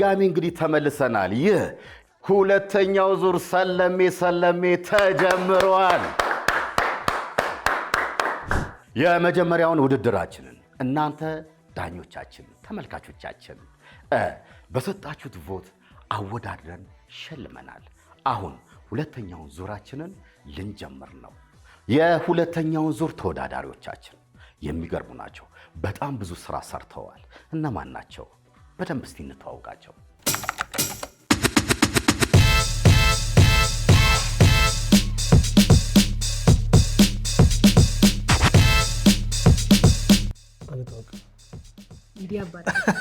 በድጋሚ እንግዲህ ተመልሰናል። ይህ ሁለተኛው ዙር ሰለሜ ሰለሜ ተጀምሯል። የመጀመሪያውን ውድድራችንን እናንተ ዳኞቻችን፣ ተመልካቾቻችን በሰጣችሁት ቮት አወዳድረን ሸልመናል። አሁን ሁለተኛውን ዙራችንን ልንጀምር ነው። የሁለተኛውን ዙር ተወዳዳሪዎቻችን የሚገርሙ ናቸው። በጣም ብዙ ስራ ሰርተዋል። እነማን ናቸው? በደንብ እስቲ እንተዋውቃቸው።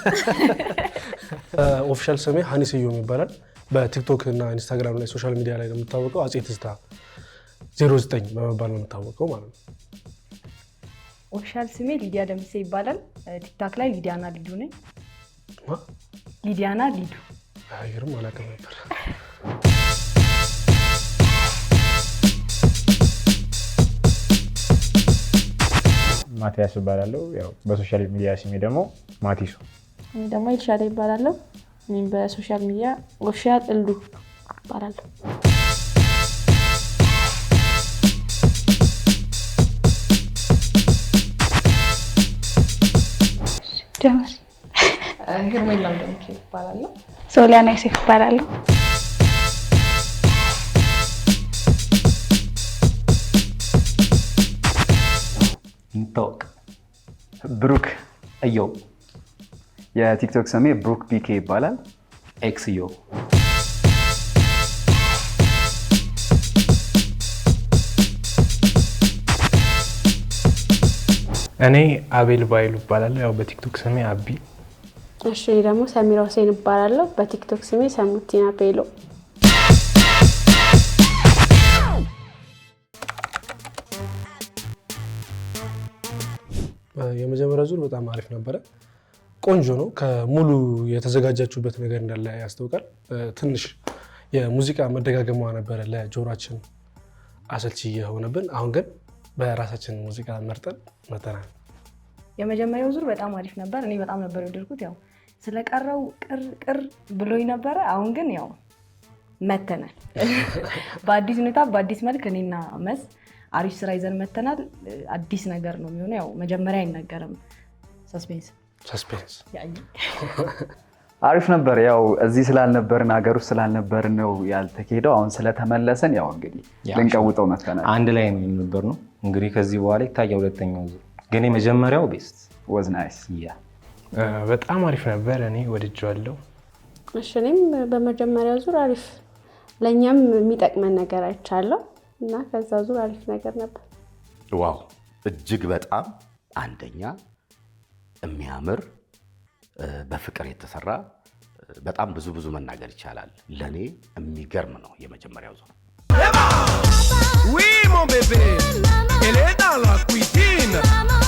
ኦፊሻል ስሜ ሀኒ ስዩም ይባላል። በቲክቶክ እና ኢንስታግራም ላይ ሶሻል ሚዲያ ላይ የምታወቀው። አጼ ትዝታ 09 በመባል ነው የምታወቀው ማለት ነው። ኦፊሻል ስሜ ሊዲያ ደምሴ ይባላል። ቲክታክ ላይ ሊዲያና ልዩ ነኝ። ሊዲያና ሊዱ አየርም አላውቅም ነበር። ማቲያስ እባላለሁ። ያው በሶሻል ሚዲያ ስሜ ደግሞ ማቲሱ። እኔ ደግሞ ይልሻለ ይባላለሁ። እኔም በሶሻል ሚዲያ ጎሻ ጥልዱ ይባላለሁ። ደስ ሄርሜላ እንደምቼ ይባላለሁ። ሶሊያና ሴፍ ይባላለሁ። እንታወቅ ብሩክ እየው። የቲክቶክ ስሜ ብሩክ ቢኬ ይባላል። ኤክስ እየው እኔ አቤል ባይሉ ይባላለሁ። ያው በቲክቶክ ስሜ አቢ እሺ እኔ ደግሞ ሰሚራ ሁሴን እባላለሁ። በቲክቶክ ስሜ ሰሙቲና ፔሎ። የመጀመሪያ ዙር በጣም አሪፍ ነበረ፣ ቆንጆ ነው። ከሙሉ የተዘጋጃችሁበት ነገር እንዳለ ያስታውቃል። ትንሽ የሙዚቃ መደጋገሟ ነበረ ለጆሯችን አሰልቺ የሆነብን፣ አሁን ግን በራሳችን ሙዚቃ መርጠን መተናል። የመጀመሪያው ዙር በጣም አሪፍ ነበር። እኔ በጣም ነበር የወደድኩት ያው ስለቀረው ቅር ቅር ብሎኝ ነበረ። አሁን ግን ያው መተናል በአዲስ ሁኔታ በአዲስ መልክ እኔና መስ አሪፍ ስራ ይዘን መተናል። አዲስ ነገር ነው የሚሆነው። ያው መጀመሪያ አይነገርም። ሰስፔንስ ሰስፔንስ። አሪፍ ነበር። ያው እዚህ ስላልነበርን ሀገር ውስጥ ስላልነበርን ነው ያልተካሄደው። አሁን ስለተመለሰን ያው እንግዲህ ልንቀውጠው መተናል። አንድ ላይ ነው የምንበር ነው እንግዲህ ከዚህ በኋላ ይታያ። ሁለተኛው ዙር ግን የመጀመሪያው ቤስት ወዝ ናይስ ያ በጣም አሪፍ ነበር። እኔ ወድጄዋለሁ። እሺ፣ እኔም በመጀመሪያው ዙር አሪፍ ለእኛም የሚጠቅመን ነገር አይቻለሁ እና ከዛ ዙር አሪፍ ነገር ነበር። ዋው! እጅግ በጣም አንደኛ የሚያምር በፍቅር የተሰራ በጣም ብዙ ብዙ መናገር ይቻላል። ለእኔ የሚገርም ነው የመጀመሪያው ዙር። ሞን ቤቤ ላ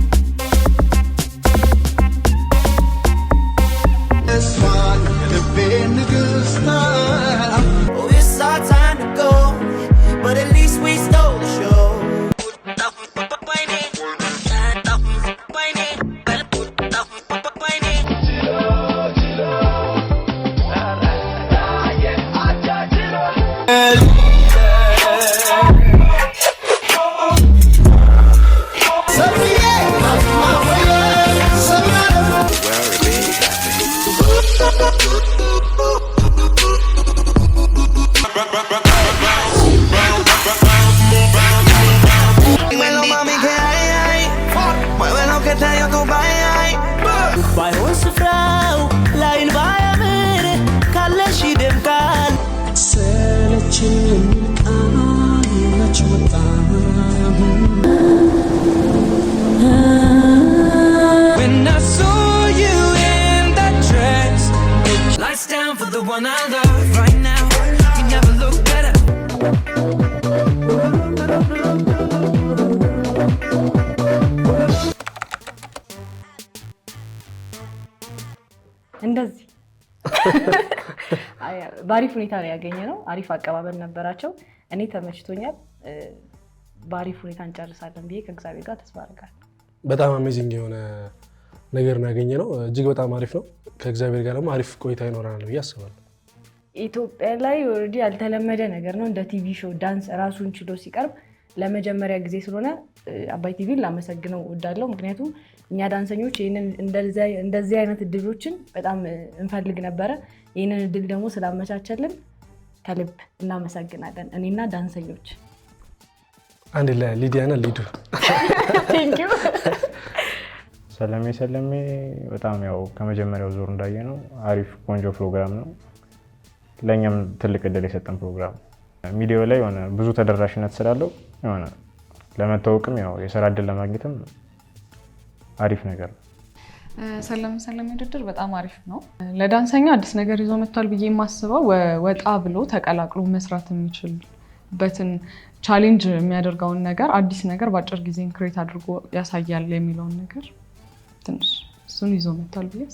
በአሪፍ ሁኔታ ነው ያገኘ ነው። አሪፍ አቀባበል ነበራቸው። እኔ ተመችቶኛል። በአሪፍ ሁኔታ እንጨርሳለን ብዬ ከእግዚአብሔር ጋር ተስፋ በጣም አሜዚንግ የሆነ ነገር ነው ያገኘ ነው። እጅግ በጣም አሪፍ ነው። ከእግዚአብሔር ጋር ደግሞ አሪፍ ቆይታ ይኖረናል ብዬ አስባለሁ። ኢትዮጵያ ላይ ኦልሬዲ ያልተለመደ ነገር ነው። እንደ ቲቪ ሾው ዳንስ ራሱን ችሎ ሲቀርብ ለመጀመሪያ ጊዜ ስለሆነ አባይ ቲቪን ላመሰግነው እወዳለሁ። ምክንያቱም እኛ ዳንሰኞች ይህንን እንደዚህ አይነት እድሎችን በጣም እንፈልግ ነበረ። ይህንን እድል ደግሞ ስላመቻቸልን ከልብ እናመሰግናለን። እኔና ዳንሰኞች አንድ ለሊዲያና ሊዱ ሰለሜ ሰለሜ በጣም ያው ከመጀመሪያው ዙር እንዳየ ነው አሪፍ ቆንጆ ፕሮግራም ነው። ለእኛም ትልቅ እድል የሰጠን ፕሮግራም ሚዲያው ላይ ሆነ ብዙ ተደራሽነት ስላለው የሆነ ለመታወቅም ያው የስራ እድል ለማግኘትም አሪፍ ነገር ነው። ሰለም ውድድር በጣም አሪፍ ነው። ለዳንሰኛ አዲስ ነገር ይዞ መጥቷል ብዬ የማስበው ወጣ ብሎ ተቀላቅሎ መስራት የሚችልበትን ቻሌንጅ የሚያደርገውን ነገር አዲስ ነገር በአጭር ጊዜ ክሬት አድርጎ ያሳያል የሚለውን ነገር ትንሽ እሱን ይዞ መጥቷል ብዬ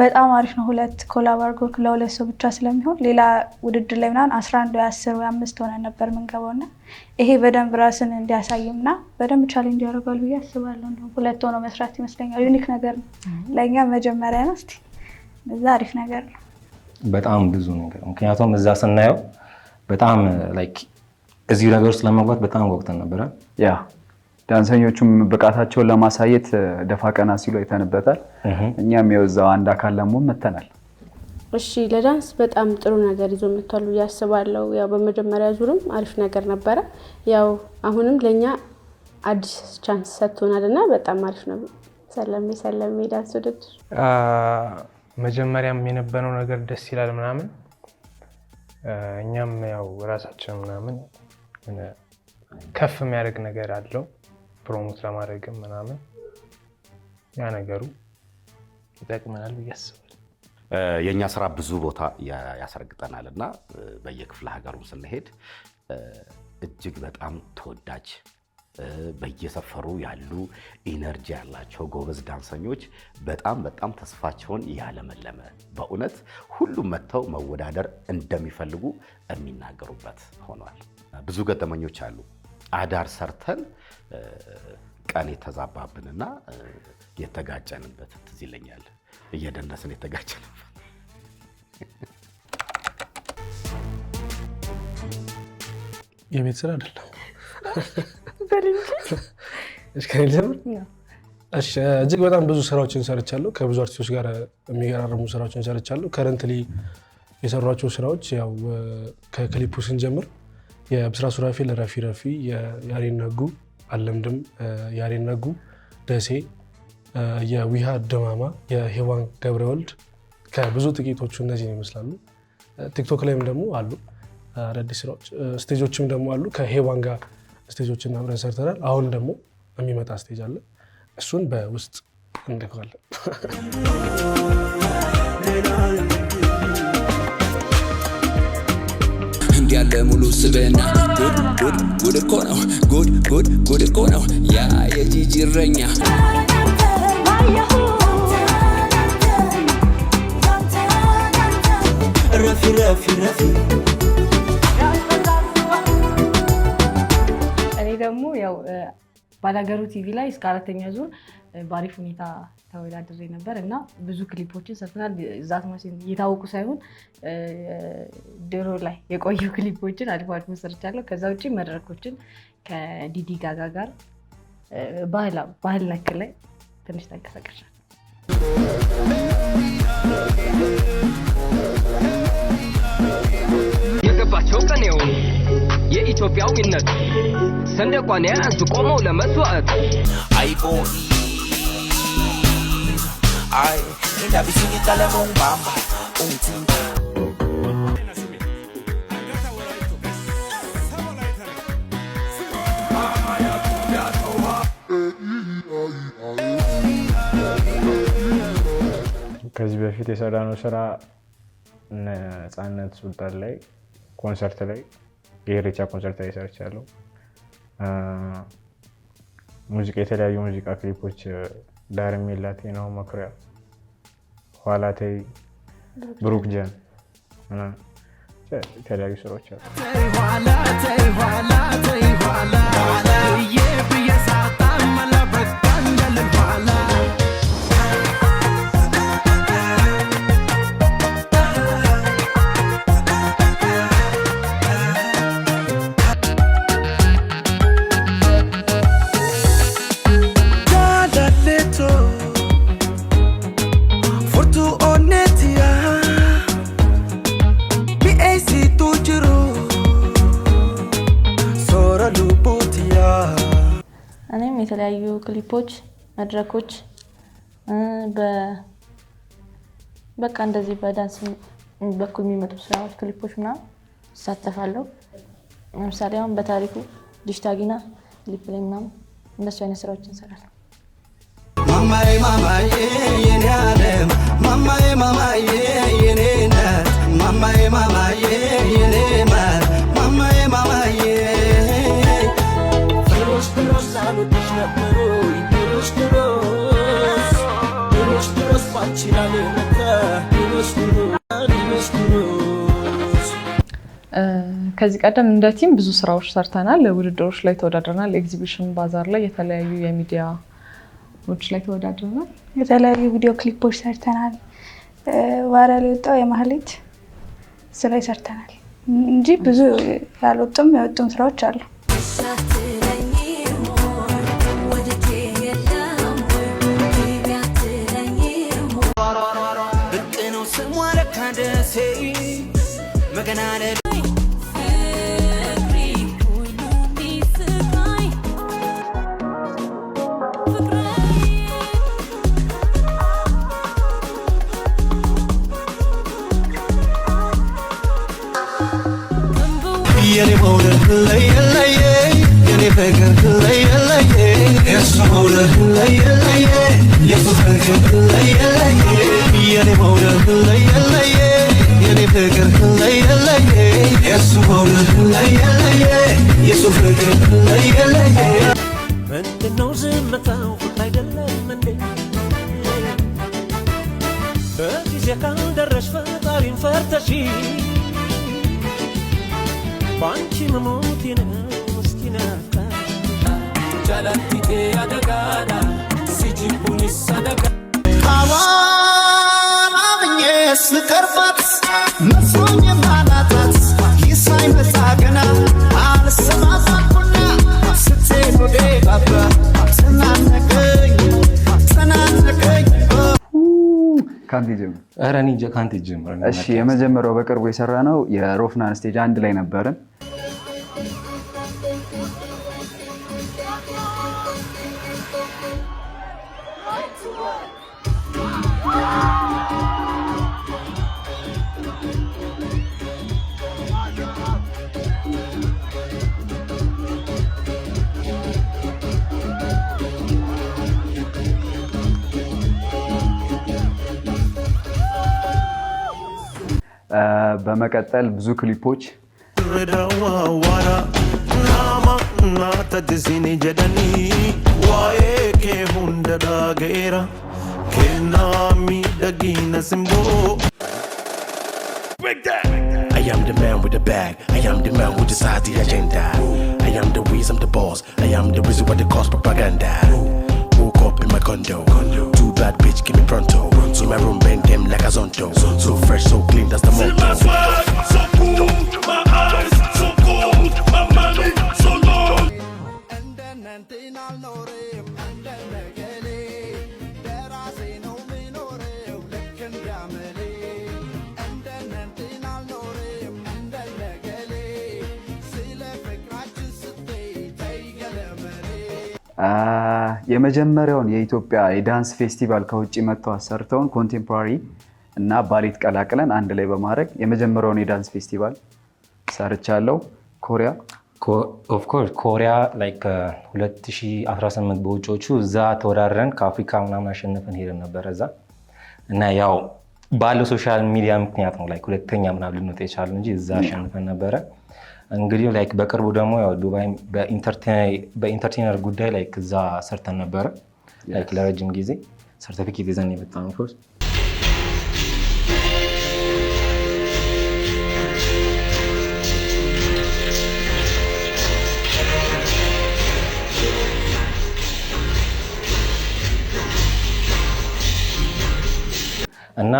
በጣም አሪፍ ነው። ሁለት ኮላብ አድርጎ ለሁለት ሰው ብቻ ስለሚሆን ሌላ ውድድር ላይ ምናምን አስራ አንድ ወይ አስር ወይ አምስት ሆነ ነበር የምንገባው እና ይሄ በደንብ ራስን እንዲያሳይም እና በደንብ ቻሌንጅ ያደርጋል ብዬ አስባለሁ። ሁለት ሆኖ መስራት ይመስለኛል ዩኒክ ነገር ነው ለእኛ መጀመሪያ ነው። እስኪ እዛ አሪፍ ነገር ነው። በጣም ብዙ ነገር ምክንያቱም እዛ ስናየው በጣም ላይክ እዚሁ ነገር ውስጥ ለመግባት በጣም ወቅተን ነበረ ያ ዳንሰኞቹም ብቃታቸውን ለማሳየት ደፋ ቀና ሲሉ አይተንበታል። እኛም የወዛው አንድ አካል ለመሆን መተናል። እሺ ለዳንስ በጣም ጥሩ ነገር ይዞ መጥቷል ብዬ አስባለሁ። ያው በመጀመሪያ ዙርም አሪፍ ነገር ነበረ። ያው አሁንም ለእኛ አዲስ ቻንስ ሰጥቶናል እና በጣም አሪፍ ነው። ሰለሜ ሰለሜ ዳንስ ውድድር መጀመሪያም የነበረው ነገር ደስ ይላል ምናምን እኛም ያው ራሳችን ምናምን ከፍ የሚያደርግ ነገር አለው ፕሮሞት ለማድረግም ምናምን ያ ነገሩ ይጠቅመናል ብዬ አስባለሁ። የእኛ ስራ ብዙ ቦታ ያስረግጠናል እና በየክፍለ ሀገሩ ስንሄድ እጅግ በጣም ተወዳጅ በየሰፈሩ ያሉ ኢነርጂ ያላቸው ጎበዝ ዳንሰኞች በጣም በጣም ተስፋቸውን ያለመለመ በእውነት ሁሉም መጥተው መወዳደር እንደሚፈልጉ የሚናገሩበት ሆኗል። ብዙ ገጠመኞች አሉ። አዳር ሰርተን ቀን የተዛባብንና የተጋጨንበት ትዝ ይለኛል። እየደነስን የተጋጨንበት የቤት ስራ አይደለም። እጅግ በጣም ብዙ ስራዎችን ሰርቻለሁ። ከብዙ አርቲስቶች ጋር የሚገራረሙ ስራዎችን ሰርቻለሁ። ከረንትሊ የሰሯቸው ስራዎች ያው ከክሊፑ ስንጀምር የብስራ ሱራፌል፣ ረፊ ረፊ፣ የያሬን ነጉ አለምድም፣ ያሬድ ነጉ፣ ደሴ፣ የዊሃ ደማማ፣ የሄዋን ገብረወልድ ከብዙ ጥቂቶቹ እነዚህን ይመስላሉ። ቲክቶክ ላይም ደግሞ አሉ አዳዲስ ስራዎች፣ ስቴጆችም ደግሞ አሉ። ከሄዋን ጋር ስቴጆችን አብረን ሰርተናል። አሁን ደግሞ የሚመጣ ስቴጅ አለ። እሱን በውስጥ እንደግፋለን። እንዲ ያለ ሙሉ ስብና ጉድ ጉድ ጉድ እኮ ነው ጉድ ጉድ ጉድ እኮ ነው ያ የጂጂ እረኛ ረፊ ረፊ ረፊ እኔ ደግሞ ያው ባላገሩ ቲቪ ላይ እስከ አራተኛ ዙር በአሪፍ ሁኔታ ተወዳድሬ ነበር እና ብዙ ክሊፖችን ሰርተናል። ዛት እየታወቁ ሳይሆን ድሮ ላይ የቆዩ ክሊፖችን አልፎ አልፎ ሰርቻለሁ። ከዛ ውጭ መድረኮችን ከዲዲ ጋጋ ጋር ባህል ነክ ላይ ትንሽ ተንቀሳቀሻል። የገባቸው ቀኔው የኢትዮጵያዊነት ሰንደቋን ያዙ ቆመው ለመስዋዕት አይቆይ Ay, hayi indaba isuke bamba, oh, mongibamba oh, tinta. ከዚህ በፊት የሰራነው ስራ ነፃነት ሱልጣን ላይ ኮንሰርት ላይ የሬቻ ኮንሰርት ላይ ሰርቻለሁ። ሙዚቃ የተለያዩ ሙዚቃ ክሊፖች ዳርሜላቴ ነው መኩሪያ ኋላቴ ብሩክ ጀን የተለያዩ ስራዎች አሉ። ክሊፖች፣ መድረኮች በቃ እንደዚህ በዳንስ በኩል የሚመጡ ስራዎች ክሊፖች ምናምን ይሳተፋለሁ። ለምሳሌ አሁን በታሪኩ ዲሽታጊና ክሊፕ ላይ ምናምን እንደሱ አይነት ስራዎች እንሰራለን። ማማዬ ማማዬ የኔ አለም ማማዬ ማማዬ ከዚህ ቀደም እንደ ቲም ብዙ ስራዎች ሰርተናል። ውድድሮች ላይ ተወዳድረናል። ኤግዚቢሽን ባዛር ላይ የተለያዩ የሚዲያ ዎች ላይ ተወዳድረናል። የተለያዩ ቪዲዮ ክሊፖች ሰርተናል። ቫይራል የወጣው የማህሌት ስራ ሰርተናል እንጂ ብዙ ያልወጡም የወጡም ስራዎች አሉ። መቅደሴ መገናደድ የኔ መውደድ ለየ ለየ የኔ ፍቅር ለየ ለየ የሱ መውደድ ለየ ለየ የሱ ፍቅር ለየ ለየ የኔ መውደድ ለየ ለየ ፍቅር ለየለየ የሱ መውደድ ስቀርፋት መስሎኝ ማላጣት ይሳይ መጣ ገና ባባ ከአንተ ጀምር። እሺ የመጀመሪያው በቅርቡ የሰራ ነው የሮፍናን ስቴጅ አንድ ላይ ነበርን በመቀጠል ብዙ ክሊፖች I am the man with the bag. I am the man who decides the agenda. I am the whiz, the boss. I am the reason what they cause propaganda. up in my condo. condo. Two bad bitch, give me pronto. So my room, bend them like a zonto. So fresh, so clean, that's the motto. See my swag, so cool. My eyes, so cold. My money, so long. የመጀመሪያውን የኢትዮጵያ የዳንስ ፌስቲቫል ከውጭ መጥተው አሰርተውን ኮንቴምፖራሪ እና ባሌት ቀላቅለን አንድ ላይ በማድረግ የመጀመሪያውን የዳንስ ፌስቲቫል ሰርቻለሁ። ኮሪያ ኦፍኮርስ ኮሪያ ላይክ 2018 በውጮቹ እዛ ተወዳድረን ከአፍሪካ ምናምን አሸነፈን ሄደን ነበረ እዛ እና ያው ባለው ሶሻል ሚዲያ ምክንያት ነው ላይ ሁለተኛ ምናምን ልንወጣ የቻልን እንጂ እዛ አሸንፈን ነበረ። እንግዲህ ላይክ በቅርቡ ደግሞ ያው ዱባይ በኢንተርቴነር ጉዳይ ላይክ እዛ ሰርተን ነበረ ላይክ ለረጅም ጊዜ ሰርቲፊኬት ይዘን የመጣ ነው እና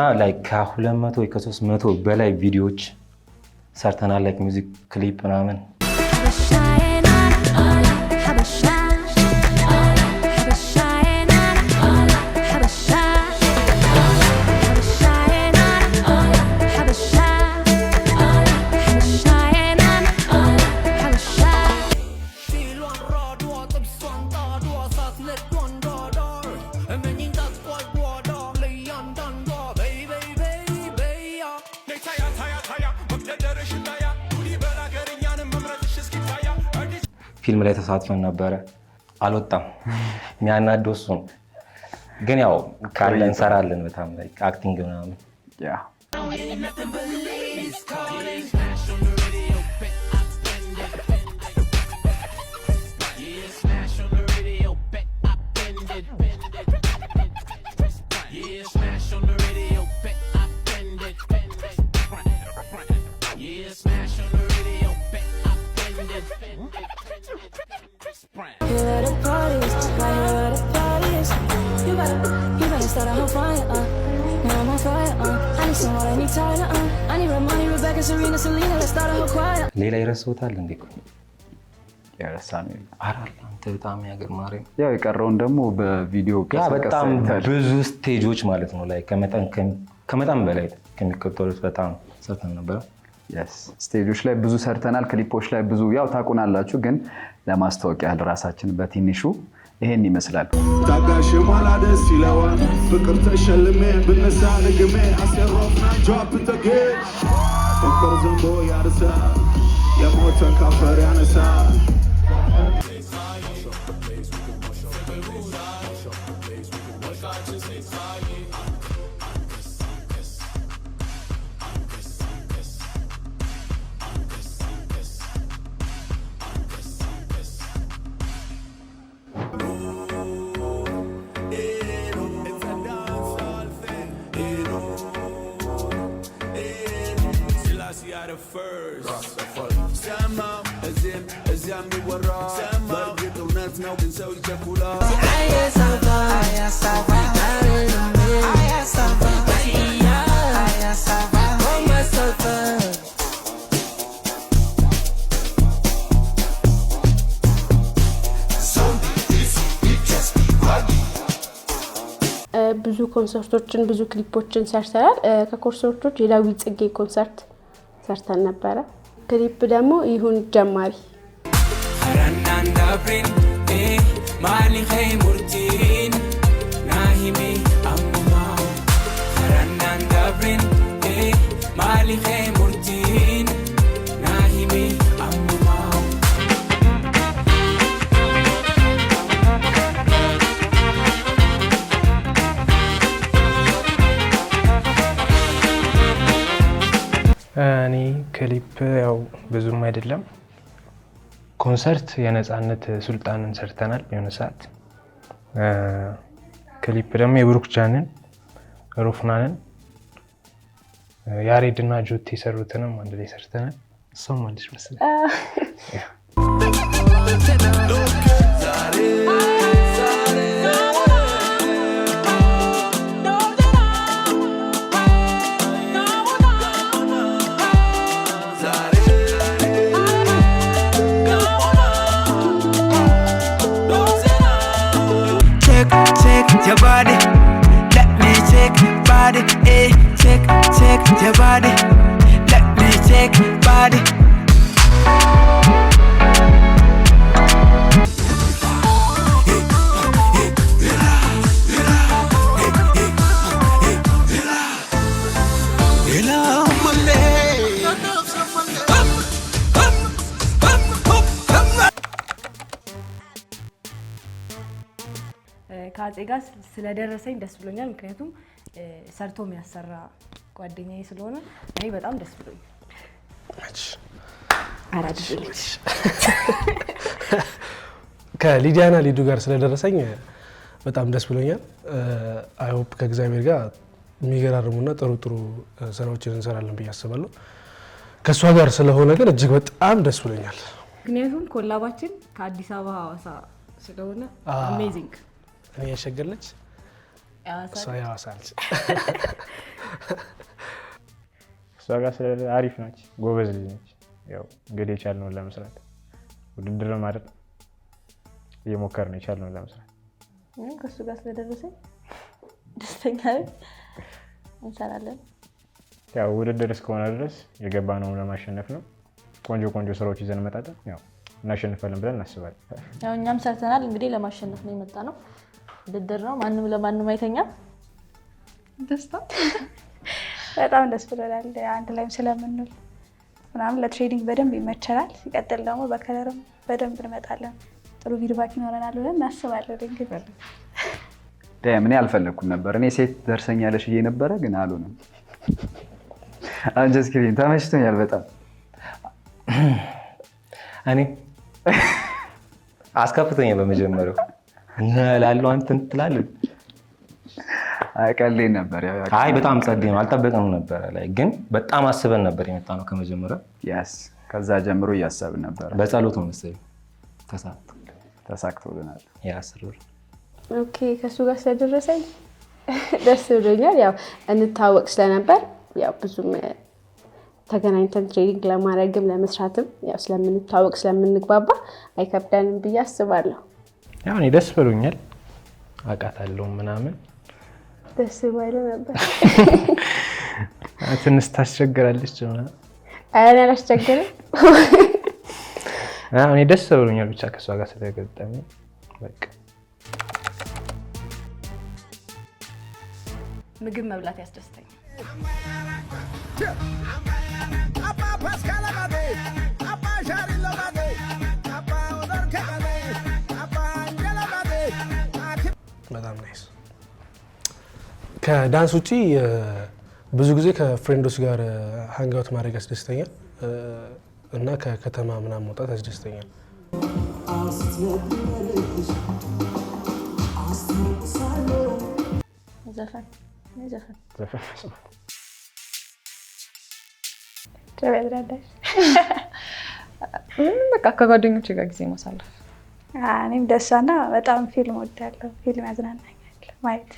ከ200 ወይ ከ300 በላይ ቪዲዮዎች ሰርተናል። ላይክ ክሊፕ ምናምን ፊልም ላይ ተሳትፈን ነበረ። አልወጣም። የሚያናደው እሱ ነው። ግን ያው ካለ እንሰራለን በጣም አክቲንግ ምናምን ሌላ ይረሳውታል እንዴ? አንተ በጣም ያገር ማርያም፣ ያው የቀረውን ደግሞ በቪዲዮ በጣም ብዙ ስቴጆች ማለት ነው ላይ ከመጠን በላይ ከሚከተሉት በጣም ሰርተን ነበረ። ስቴጆች ላይ ብዙ ሰርተናል። ክሊፖች ላይ ብዙ ያው ታቁናላችሁ፣ ግን ለማስታወቅ ያህል ራሳችን በትንሹ ይሄን ይመስላል። ታጋሽ ማላ ደስ ይለዋል ፍቅር ተሸልሜ ብነሳ ንግሜ አሰሮፍና ጃፕ ተጌ ፍቅር ዘንቦ ያርሳል Я мотан кафаряны сам ኮንሰርቶችን ብዙ ክሊፖችን ሰርተናል። ከኮንሰርቶች የዳዊት ጽጌ ኮንሰርት ሰርተን ነበረ። ክሊፕ ደግሞ ይሁን ጀማሪ አይደለም። ኮንሰርት የነፃነት ሱልጣንን ሰርተናል የሆነ ሰዓት። ክሊፕ ደግሞ ሩፍናንን፣ ያሬድ ያሬድና ጆት የሰሩትንም አንድ ላይ ሰርተናል። እሷም አለች መሰለኝ body. Let me check body, eh? Check, check your body. Let me check body. አፄ ጋር ስለደረሰኝ ደስ ብሎኛል። ምክንያቱም ሰርቶ የሚያሰራ ጓደኛዬ ስለሆነ እኔ በጣም ደስ ብሎኛል። ከሊዲያና ሊዱ ጋር ስለደረሰኝ በጣም ደስ ብሎኛል። አይሆፕ ከእግዚአብሔር ጋር የሚገራርሙና ጥሩ ጥሩ ስራዎችን እንሰራለን ብዬ አስባለሁ። ከእሷ ጋር ስለሆነ ግን እጅግ በጣም ደስ ብሎኛል። ምክንያቱም ኮላባችን ከአዲስ አበባ ሀዋሳ ስለሆነ አሜዚንግ እኔ የሸገር ነች፣ እሷ የሐዋሳ ነች። እሷ ጋር ስለ አሪፍ ነች፣ ጎበዝ ልጅ ነች። ያው እንግዲህ የቻልነውን ለመስራት ውድድር ማድረግ እየሞከር ነው፣ የቻልነውን ለመስራት እኔም ከእሱ ጋር ስለደረሰኝ ደስተኛ እንሰራለን። ያው ውድድር እስከሆነ ድረስ የገባነው ለማሸነፍ ነው። ቆንጆ ቆንጆ ስራዎች ይዘን መጣጠን ያው እናሸንፋለን ብለን እናስባለን። ያው እኛም ሰርተናል። እንግዲህ ለማሸነፍ ነው የመጣ ነው። ውድድር ነው። ማንም ለማንም አይተኛም። ደስታ በጣም ደስ ብሎናል። አንድ ላይም ስለምንል ምናምን ለትሬዲንግ በደንብ ይመቸናል። ሲቀጥል ደግሞ በከለርም በደንብ እንመጣለን። ጥሩ ፊድባክ ይኖረናል ብለን እናስባለን። እንግዲህ እኔ አልፈለግኩም ነበር። እኔ ሴት ደርሰኛለሽ ብዬ ነበረ፣ ግን አሉንም አንጀስ ክሪን ተመችቶኛል በጣም እኔ አስከፍቶኛል በመጀመሪያው ላለው እንትን ትላለህ። አይቀልኝ ነበር። አይ በጣም ጸዴ ነው። አልጠበቅም ነበረ ላይ ግን በጣም አስበን ነበር የመጣ ነው ከመጀመሪያ ከዛ ጀምሮ እያሰብን ነበር። በጸሎት ነው መሰለኝ ተሳክቶልናል። ያስሩር ኦኬ። ከእሱ ጋር ስለደረሰኝ ደስ ብሎኛል። ያው እንታወቅ ስለነበር ያው ብዙም ተገናኝተን ትሬኒንግ ለማድረግም ለመስራትም ያው ስለምንታወቅ ስለምንግባባ አይከብዳንም ብዬ አስባለሁ። ያው እኔ ደስ ብሎኛል። አውቃታለሁ ምናምን ደስ ባይለ ነበር። ትንሽ ታስቸግራለች ምናምን። እኔ አላስቸግርም። እኔ ደስ ብሎኛል ብቻ ከእሷ ጋር ስለገጠመ በቃ። ምግብ መብላት ያስደስተኛል። ከዳንስ ውጪ ብዙ ጊዜ ከፍሬንዶች ጋር ሀንጋውት ማድረግ ያስደስተኛል እና ከከተማ ምናም መውጣት ያስደስተኛል። በቃ ከጓደኞች ጋር ጊዜ ማሳለፍ። እኔም ደሳና በጣም ፊልም ወዳለሁ። ፊልም ያዝናናኛል ማየት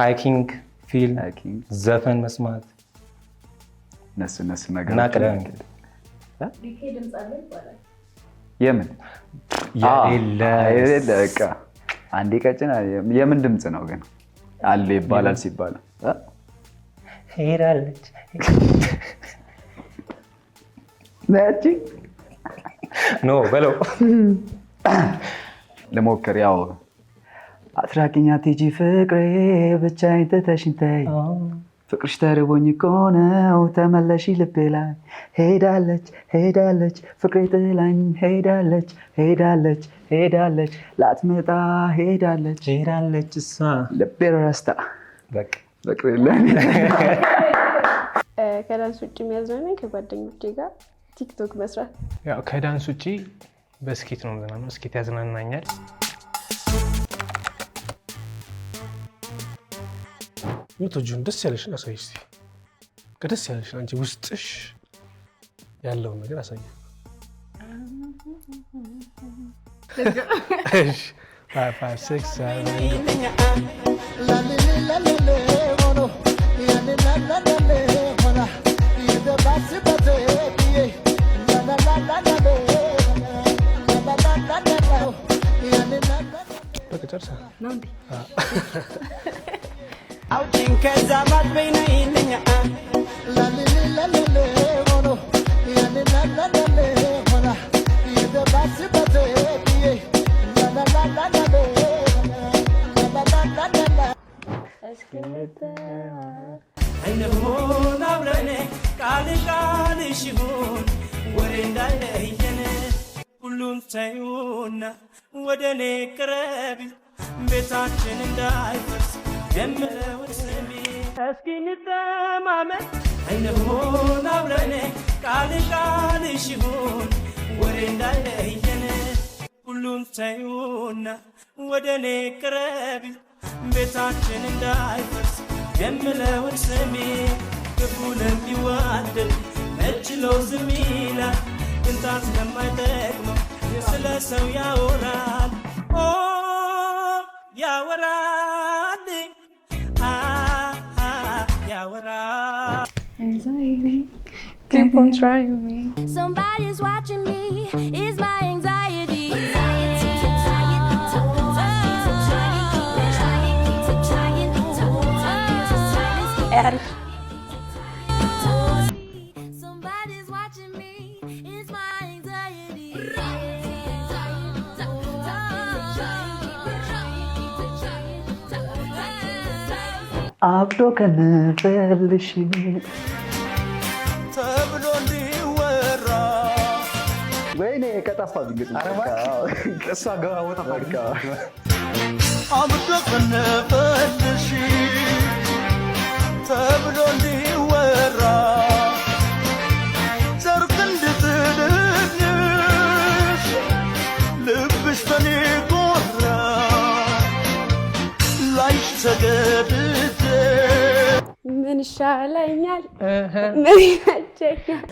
ሃይኪንግ ፊልም፣ ዘፈን መስማት እነሱ ነገር የምን አንዴ ቀጭን የምን ድምፅ ነው ግን አለ ይባላል ሲባል ሄዳለች ኖ በለው ልሞክር። ያው አትራቂኛ ቲጂ ፍቅሬ ብቻዬን ትተሽኝ ተይ ፍቅርሽ ተርቦኝ እኮ ነው ተመለሺ ልቤ ላይ ሄዳለች ሄዳለች ፍቅሬ ጥላኝ ሄዳለች ሄዳለች ሄዳለች ላትመጣ ሄዳለች ሄዳለች እሷ ልቤ ረስታ ፍቅር የለን ከዳንስ ውጭ የሚያዝናናኝ ከጓደኞቼ ጋር ቲክቶክ መስራት። ያው ከዳንስ ውጭ በስኬት ነው ምዝናነው። ስኬት ያዝናናኛል። ቶጁን ደስ ያለሽ አሳይ እስኪ። ከደስ ያለሽ አንቺ ውስጥሽ ያለውን ነገር አሳይ። ጨርሰን አውጪኝ አብረን ቃል ቃልሽ ይሁን ወሬ እንዳለይ ተዩና ወደ እኔ ቅረቢ ቤታችን እንዳይፈርስ የምለውን ስሚ እስኪ እንተማመን እንሁን አብረን ቃል ቃልሽ ይሁን ወሬ እንዳለየን ሁሉም ተዩና ወደ እኔ ቅረቢ ቤታችን እንዳይፈርስ የምለውን ስሚ ክፉን የሚዋደድ መችለው ዝም ይላል ቅንጣት ለማይጠቅመው ስለ ሰው ያወራል ያወራል anxiety keep on trying me somebody's watching me is my anxiety Add አብዶ ከንፈልሽ ተብሎ እንዲወራ ወይኔ ከጠፋ አብዶ ከንፈልሽ ተብሎ እንዲወራ ይሻለኛል ምን ይመቸኛል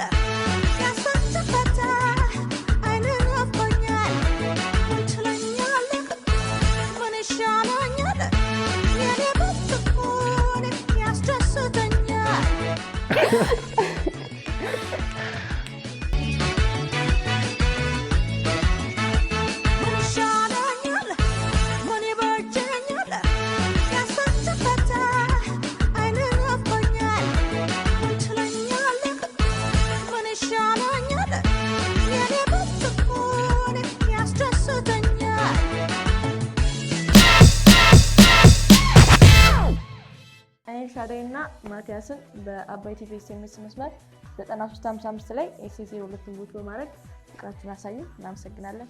አባይ ቲቪ ኤስኤምኤስ መስመር 9355 ላይ ኤስኤስኤ ሁለቱን ቦት በማድረግ ፍቅራችሁን አሳዩ። እናመሰግናለን።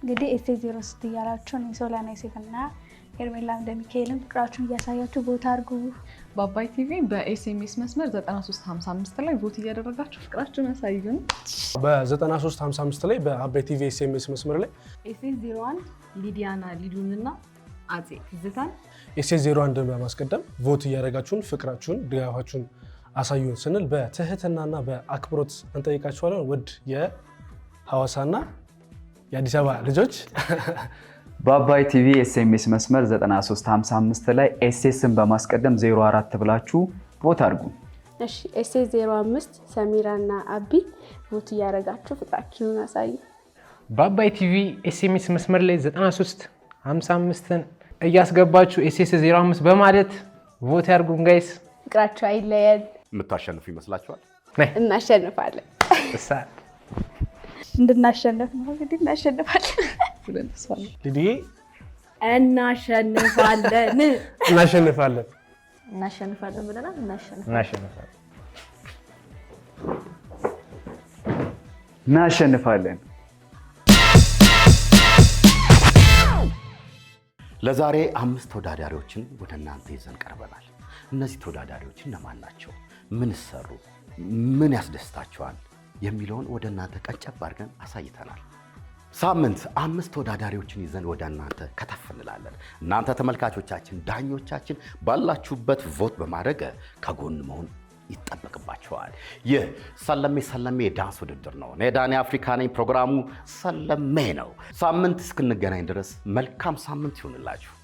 እንግዲህ ኤሴ ዜሮ ስት እያላችሁ ነው የሶላና ሴፍ እና ሄርሜላ እንደሚካኤልም ፍቅራችሁን እያሳያችሁ ቦታ አድርጉ። በአባይ ቲቪ በኤስኤምኤስ መስመር 9355 ላይ ቦት እያደረጋችሁ ፍቅራችሁን አሳዩን። በ9355 ላይ በአባይ ቲቪ ኤስኤምኤስ መስመር ላይ ኤስኤስ 01 ሊዲያና ሊዱንና አጼ ትዝታን ኤስኤስ ዜሮ ን በማስቀደም ቮት እያደረጋችሁን ፍቅራችሁን ድጋፋችሁን አሳዩን ስንል በትህትናና በአክብሮት እንጠይቃችኋለን። ውድ የሐዋሳና የአዲስ አበባ ልጆች በአባይ ቲቪ ኤስኤምኤስ መስመር 9355 ላይ ኤስኤስን በማስቀደም 04 ብላችሁ ቮት አድርጉ። ኤስኤስ 05 ሰሚራና አቢ ቮት እያደረጋችሁ ፍቅራችሁን አሳዩ። በአባይ ቲቪ ኤስኤምኤስ መስመር ላይ 9355ን እያስገባችሁ ኤስኤስ 05 በማለት ቮት ያድርጉን ጋይስ። ፍቅራችሁ አይለየን። የምታሸንፉ ይመስላችኋል? እናሸንፋለን። እንድናሸንፍ ነው እንግዲህ እናሸንፋለን። ልድዬ እናሸንፋለን፣ እናሸንፋለን፣ እናሸንፋለን ብለናል። እናሸንፋለን፣ እናሸንፋለን ለዛሬ አምስት ተወዳዳሪዎችን ወደ እናንተ ይዘን ቀርበናል። እነዚህ ተወዳዳሪዎች እነማን ናቸው? ምን ሰሩ? ምን ያስደስታቸዋል? የሚለውን ወደ እናንተ ቀንጨብ አድርገን አሳይተናል። ሳምንት አምስት ተወዳዳሪዎችን ይዘን ወደ እናንተ ከተፍ እንላለን። እናንተ ተመልካቾቻችን፣ ዳኞቻችን ባላችሁበት ቮት በማድረግ ከጎን መሆን ይጠበቅባቸዋል። ይህ ሰለሜ ሰለሜ የዳንስ ውድድር ነው። እኔ ዳኒ አፍሪካ ነኝ። ፕሮግራሙ ሰለሜ ነው። ሳምንት እስክንገናኝ ድረስ መልካም ሳምንት ይሁንላችሁ።